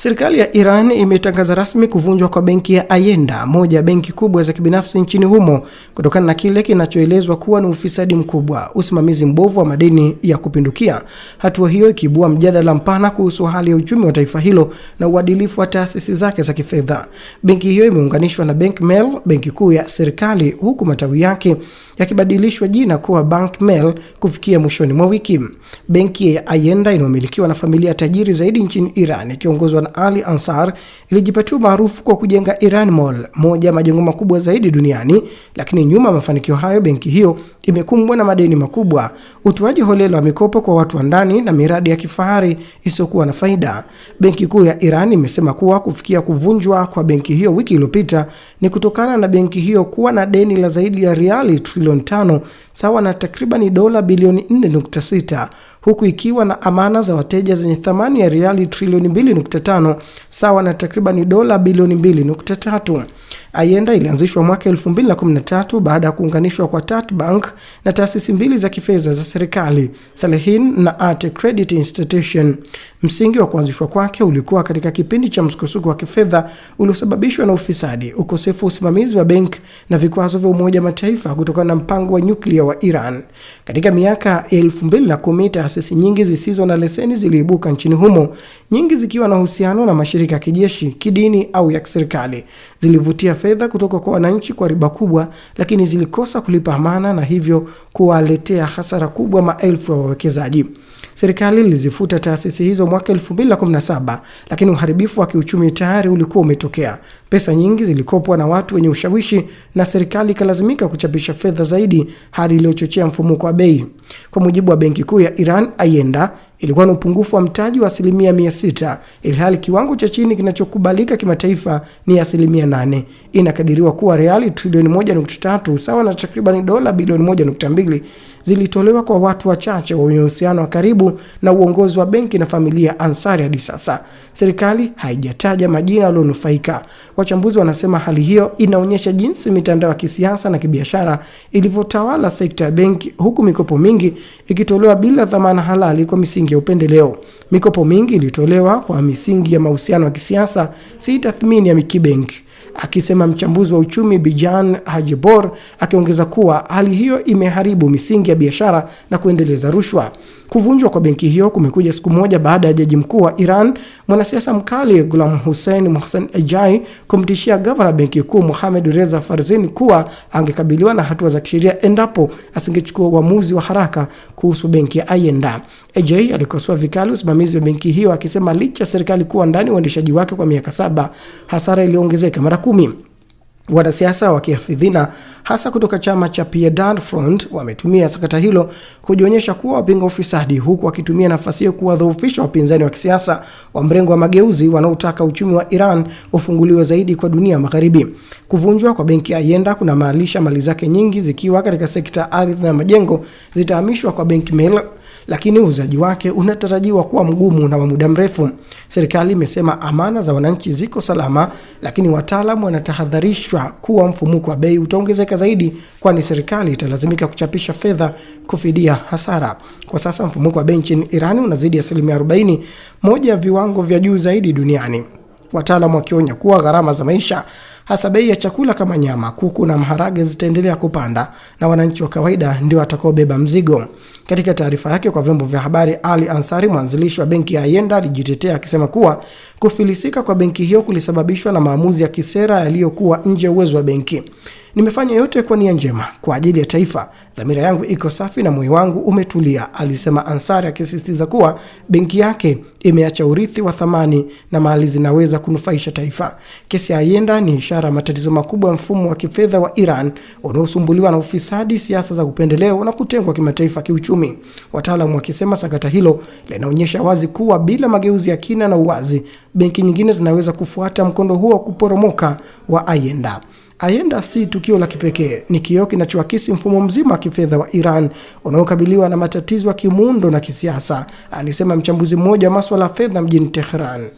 Serikali ya Iran imetangaza rasmi kuvunjwa kwa benki ya Ayenda, moja ya benki kubwa za kibinafsi nchini humo, kutokana na kile kinachoelezwa kuwa ni ufisadi mkubwa, usimamizi mbovu wa madeni ya kupindukia. Hatua hiyo ikiibua mjadala mpana kuhusu hali ya uchumi wa taifa hilo na uadilifu wa taasisi zake za kifedha. Benki hiyo imeunganishwa na Bank Mel, benki kuu ya serikali, huku matawi yake yakibadilishwa jina kuwa Bank Mel kufikia mwishoni mwa wiki. Benki ya Ayenda inayomilikiwa na familia tajiri zaidi nchini Iran ikiongozwa na ali Ansar ilijipatia maarufu kwa kujenga Iran Mall, moja ya majengo makubwa zaidi duniani. Lakini nyuma ya mafanikio hayo, benki hiyo imekumbwa na madeni makubwa, utoaji holela wa mikopo kwa watu wa ndani na miradi ya kifahari isiyokuwa na faida. Benki Kuu ya Iran imesema kuwa kufikia kuvunjwa kwa benki hiyo wiki iliyopita ni kutokana na benki hiyo kuwa na deni la zaidi ya riali trilioni tano sawa na takribani dola bilioni 4.6 huku ikiwa na amana za wateja zenye thamani ya riali trilioni 2.5 sawa na takribani dola bilioni 2.3. Ayenda ilianzishwa mwaka 2013 baada ya kuunganishwa kwa Tatbank na taasisi mbili za kifedha za serikali, Salehin na Art Credit Institution. Msingi wa kuanzishwa kwake ulikuwa katika kipindi cha msukosuko wa kifedha uliosababishwa na ufisadi, ukosefu wa usimamizi wa benki na vikwazo vya Umoja Mataifa kutokana na mpango wa nyuklia wa Iran. Katika miaka ya 2010 taasisi nyingi zisizo na leseni ziliibuka nchini humo nyingi zikiwa na uhusiano na mashirika ya kijeshi, kidini au ya kiserikali. Zilivutia fedha kutoka kwa wananchi kwa riba kubwa, lakini zilikosa kulipa amana na hivyo kuwaletea hasara kubwa maelfu ya wawekezaji. Serikali ilizifuta taasisi hizo mwaka 2017 lakini uharibifu wa kiuchumi tayari ulikuwa umetokea. Pesa nyingi zilikopwa na watu wenye ushawishi na serikali ikalazimika kuchapisha fedha zaidi, hali iliyochochea mfumuko wa bei. Kwa mujibu wa Benki Kuu ya Iran, Ayenda ilikuwa na upungufu wa mtaji wa asilimia 600 ilhali kiwango cha chini kinachokubalika kimataifa ni asilimia 8. Inakadiriwa kuwa reali trilioni 1.3 sawa na takriban dola bilioni 1.2 zilitolewa kwa watu wachache wenye uhusiano wa karibu na uongozi wa benki na familia Ansari. Hadi sasa serikali haijataja majina yaliyonufaika. Wachambuzi wanasema hali hiyo inaonyesha jinsi mitandao ya kisiasa na kibiashara ilivyotawala sekta ya benki, huku mikopo mingi ikitolewa bila dhamana halali kwa misingi misingi ya upendeleo. Mikopo mingi ilitolewa kwa misingi ya mahusiano ya kisiasa, si tathmini ya Mikibank, akisema mchambuzi wa uchumi Bijan Hajibor, akiongeza kuwa hali hiyo imeharibu misingi ya biashara na kuendeleza rushwa. Kuvunjwa kwa benki hiyo kumekuja siku moja baada ya jaji mkuu wa Iran, mwanasiasa mkali Ghulam Hussein Mohsen Ejai kumtishia gavana benki kuu Mohamed Reza Farzin kuwa angekabiliwa na hatua za kisheria endapo asingechukua uamuzi wa haraka kuhusu benki ya Ayenda. AJ alikosoa vikali usimamizi wa benki hiyo akisema licha serikali kuwa ndani uendeshaji wake kwa miaka saba, hasara iliongezeka mara kumi. Wanasiasa wa kihafidhina hasa kutoka chama cha Piedad Front wametumia sakata hilo kujionyesha kuwa wapinga ufisadi, huku wakitumia nafasi hiyo kuwadhoofisha wapinzani wa kisiasa wa mrengo wa mageuzi wanaotaka uchumi wa Iran ufunguliwe zaidi kwa dunia magharibi. Kuvunjwa kwa benki ya Yenda kuna maalisha mali zake nyingi zikiwa katika sekta ardhi na majengo zitahamishwa kwa benki Mel, lakini uuzaji wake unatarajiwa kuwa mgumu na wa muda mrefu. Serikali imesema amana za wananchi ziko salama, lakini wataalamu wanatahadharishwa kuwa mfumuko wa bei utaongezeka zaidi, kwani serikali italazimika kuchapisha fedha kufidia hasara. Kwa sasa mfumuko wa bei nchini Iran unazidi asilimia 40, moja ya viwango vya juu zaidi duniani, wataalamu wakionya kuwa gharama za maisha hasa bei ya chakula kama nyama, kuku na maharage zitaendelea kupanda na wananchi wa kawaida ndio watakaobeba mzigo. Katika taarifa yake kwa vyombo vya habari, Ali Ansari, mwanzilishi wa benki ya Ayenda, alijitetea akisema kuwa kufilisika kwa benki hiyo kulisababishwa na maamuzi ya kisera yaliyokuwa nje ya uwezo wa benki. Nimefanya yote kwa nia njema kwa ajili ya taifa. Dhamira yangu iko safi na moyo wangu umetulia, alisema Ansari, akisisitiza kuwa benki yake imeacha urithi wa thamani na mali zinaweza kunufaisha taifa. Kesi ya Ayenda ni ishara ya matatizo makubwa ya mfumo wa kifedha wa Iran unaosumbuliwa na ufisadi, siasa za upendeleo na kutengwa kimataifa kiuchumi kumi, wataalamu wakisema sakata hilo linaonyesha wazi kuwa bila mageuzi ya kina na uwazi, benki nyingine zinaweza kufuata mkondo huo wa kuporomoka wa Ayenda. Ayenda si tukio la kipekee, ni kioo kinachoakisi mfumo mzima wa kifedha wa Iran unaokabiliwa na matatizo ya kimuundo na kisiasa, alisema mchambuzi mmoja wa maswala ya fedha mjini Tehran.